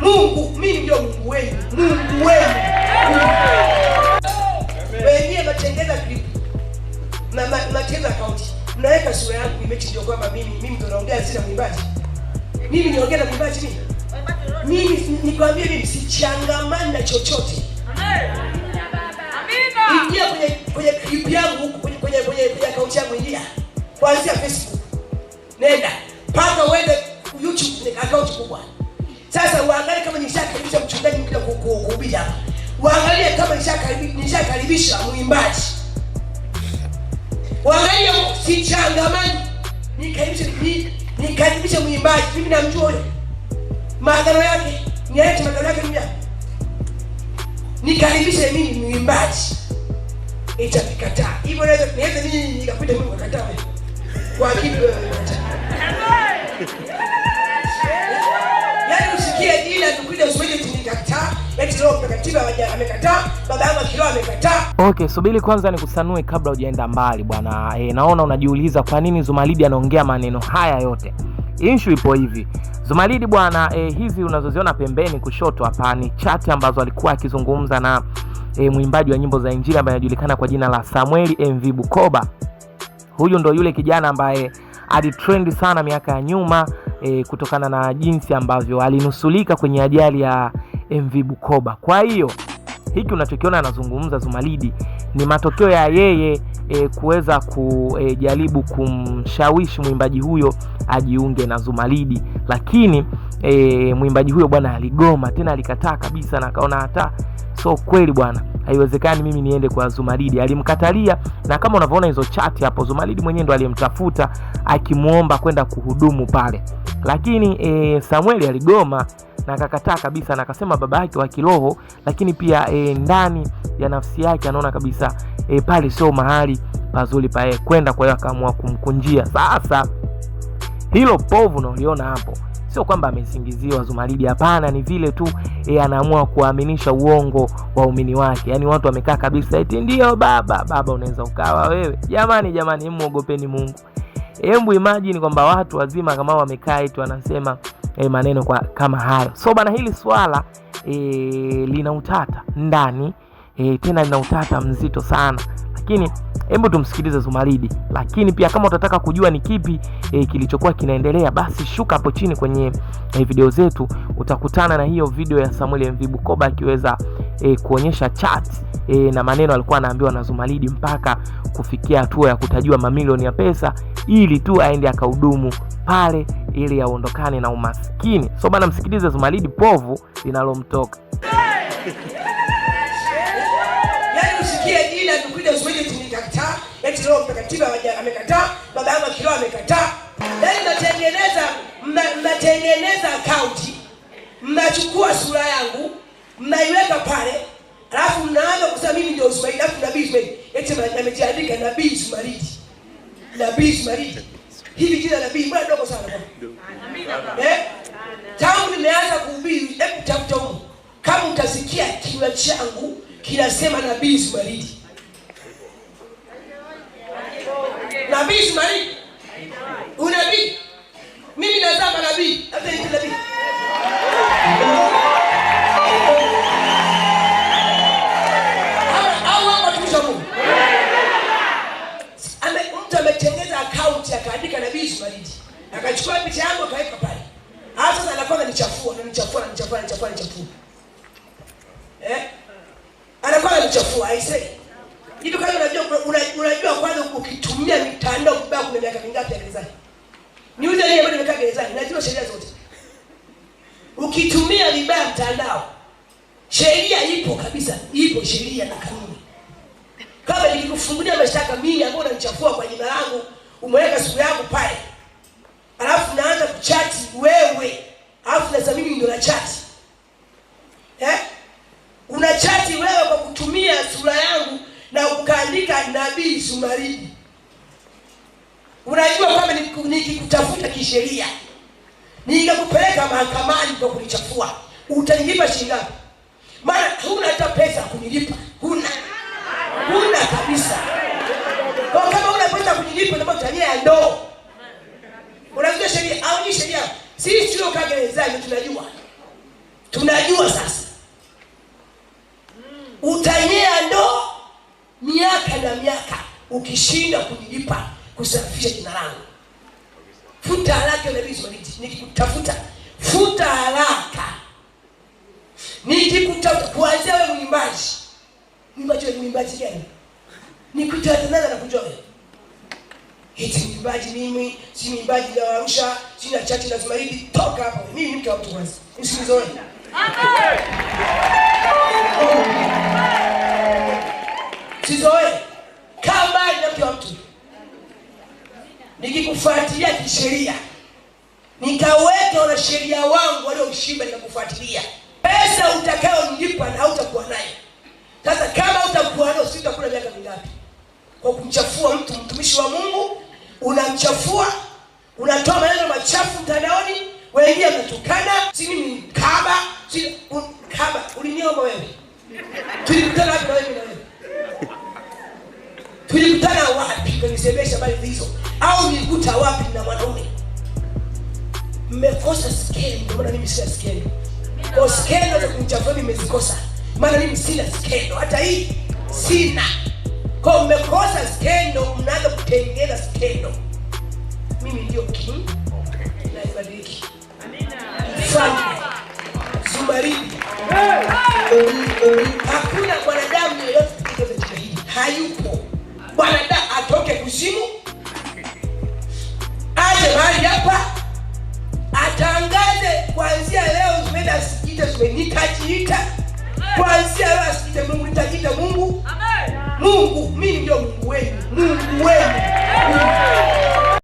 Mungu mimi ndio Mungu wenu, Mungu wenu wenyewe. Mnatengeza clip na mnatengeza account, mnaweka sura yangu ndio kwamba mimi mimi ndio naongea, sisi na mwimbaji mimi, niongea na mwimbaji mimi mimi, nikwambie mimi, sichangamani na chochote. Ingia kwenye kwenye clip yangu, huko kwenye kwenye kwenye account yangu, ingia kuanzia Facebook, nenda kuhubiri hapa, waangalie kama nishakaribisha mwimbaji, waangalie si changamani, nikaribisha mwimbaji. Mimi namjua yule, maagano yake ni yeye, maagano yake ni nikaribishe mimi mwimbaji, itakikataa hivyo, naweza niweze mimi nikapita mimi nikataa kwa akili yaani usikie jina tukuje usije lakini Roho Mtakatifu amekataa, baba yangu Okay, subiri kwanza nikusanue kabla hujaenda mbali bwana. E, naona unajiuliza kwa nini Zumaridi anaongea maneno haya yote. Issue ipo hivi Zumaridi bwana e, hizi unazoziona pembeni kushoto hapa ni chati ambazo alikuwa akizungumza na e, mwimbaji wa nyimbo za Injili ambaye anajulikana kwa jina la Samueli MV Bukoba. Huyu ndo yule kijana ambaye alitrend sana miaka ya nyuma e, kutokana na jinsi ambavyo alinusulika kwenye ajali ya MV Bukoba. Kwa hiyo hiki unachokiona anazungumza Zumaridi ni matokeo ya yeye e, kuweza kujaribu e, kumshawishi mwimbaji huyo ajiunge na Zumaridi, lakini e, mwimbaji huyo bwana aligoma tena, alikataa kabisa, na akaona hata so kweli bwana, haiwezekani mimi niende kwa Zumaridi. Alimkatalia, na kama unavyoona hizo chat hapo, Zumaridi mwenyewe ndo aliyemtafuta akimwomba kwenda kuhudumu pale, lakini e, Samueli aligoma na akakataa kabisa, na akasema baba yake wa kiroho, lakini pia e, ndani ya nafsi yake anaona kabisa e, pale sio mahali pazuri pa yeye kwenda. Kwa hiyo akaamua kumkunjia. Sasa hilo povu unaoliona hapo sio kwamba amesingiziwa Zumaridi, hapana, ni vile tu e, anaamua kuaminisha uongo wa umini wake. Yani watu wamekaa kabisa, eti ndio baba baba, unaweza ukawa wewe. Jamani, jamani, muogopeni Mungu. Hebu imagine kwamba watu wazima kama wamekaa eti wanasema e, maneno kwa kama hayo. So bana, hili swala e, lina utata ndani e, tena lina utata mzito sana, lakini hebu tumsikilize Zumaridi. Lakini pia kama utataka kujua ni kipi e, kilichokuwa kinaendelea, basi shuka hapo chini kwenye e, video zetu, utakutana na hiyo video ya Samuel MV Bukoba akiweza e, kuonyesha chat e, na maneno alikuwa anaambiwa na Zumaridi mpaka kufikia hatua ya kutajiwa mamilioni ya pesa ili tu aende akahudumu pale ili aondokane na umaskini. So bana, msikilize Zumaridi povu linalomtoka yaani yaani mnatengeneza akaunti, mnachukua sura yangu mnaiweka pale, alafu mnaanza kusema mimi ndio Zumaridi, alafu nabii Zumaridi, eti mnajiandika nabii Zumaridi, nabii Zumaridi hivi jina la bii bado dogo sana eh? Tangu nimeanza kuhubiri, hebu tafuta huko. Kama utasikia kinywa changu kinasema nabii Ismaili. Nabii Ismaili. Unabii. Mimi nazama nabii. Hata nabii. Ame mtu ametengeneza pochi akaandika nabii Zumaridi. Akachukua picha yangu akaweka pale. Hata ah, sasa anakuwa nichafua, ananichafua, ananichafua, ananichafua, ananichafua. Eh? Ah, anakuwa ananichafua, I say. Hivi kwa unajua unajua kwanza ukitumia mitandao kubaya kuna miaka mingapi ya gerezani? Ni yule aliyebaki amekaa gerezani, lazima sheria zote. Ukitumia vibaya mtandao, sheria ipo kabisa, ipo sheria na kanuni. Kama nikikufungulia mashtaka mimi ambayo unanichafua kwa jina langu, umeweka siku yako pale, alafu naanza kuchati wewe, alafu na zamini ndo na chati eh? Una chati wewe kwa kutumia sura yangu na ukaandika Nabii sumaridi Unajua kwamba nikikutafuta kisheria nikakupeleka mahakamani kwa kunichafua utanilipa shilingi ngapi? Maana huna hata pesa kunilipa, huna huna kabisa nipo na tabia ya ndo. Unajua sheria au ni sheria? Sisi sio kaa gerezani tunajua. Tunajua sasa. Utanyea ndo miaka na miaka ukishinda kujilipa kusafisha jina langu. Futa haraka na bizo nikikutafuta. Futa haraka. Nikikutafuta kuanzia wewe mwimbaji. Mwimbaji wewe mwimbaji gani? Nikutafuta nani anakujua wewe? eti mimbaji mimi si mimbaji la Arusha si na chache lazima hivi. Toka hapa mimi mke wa mtu kwanza, msinizoe. Sizoe kama ni mke wa mtu, nikikufuatilia kisheria, nikaweka na sheria wangu walioushiba, nikakufuatilia pesa utakayonipa na hautakuwa nayo. Sasa kama utakuwa nayo, sitakula miaka mingapi kwa kumchafua mtu mtumishi wa Mungu unamchafua, unatoa maneno machafu mtandaoni, wengi ametukana sini mkaba kaba mkaba. Uliniomba wewe, tulikutana wapi na wewe na wewe tulikutana wapi kanisemesha bali hizo, au nilikuta wapi na mwanaume? Mmekosa skeli, ndomana maana mimi sina skeli. Kwa skeli za kumchafua mimi nimezikosa, maana mimi sina skeli, hata hii sina. Kwa umekosa skendo, mnaanza kutengeza skendo. Mimi ndio king na ibadiliki. Amina. Zumaridi. Hakuna mwanadamu yeyote kutoka shahidi. Hayupo. Mwanadamu atoke kuzimu. Aje mahali hapa. Atangaze kuanzia leo Zubeda asijiita Zubeda nitajiita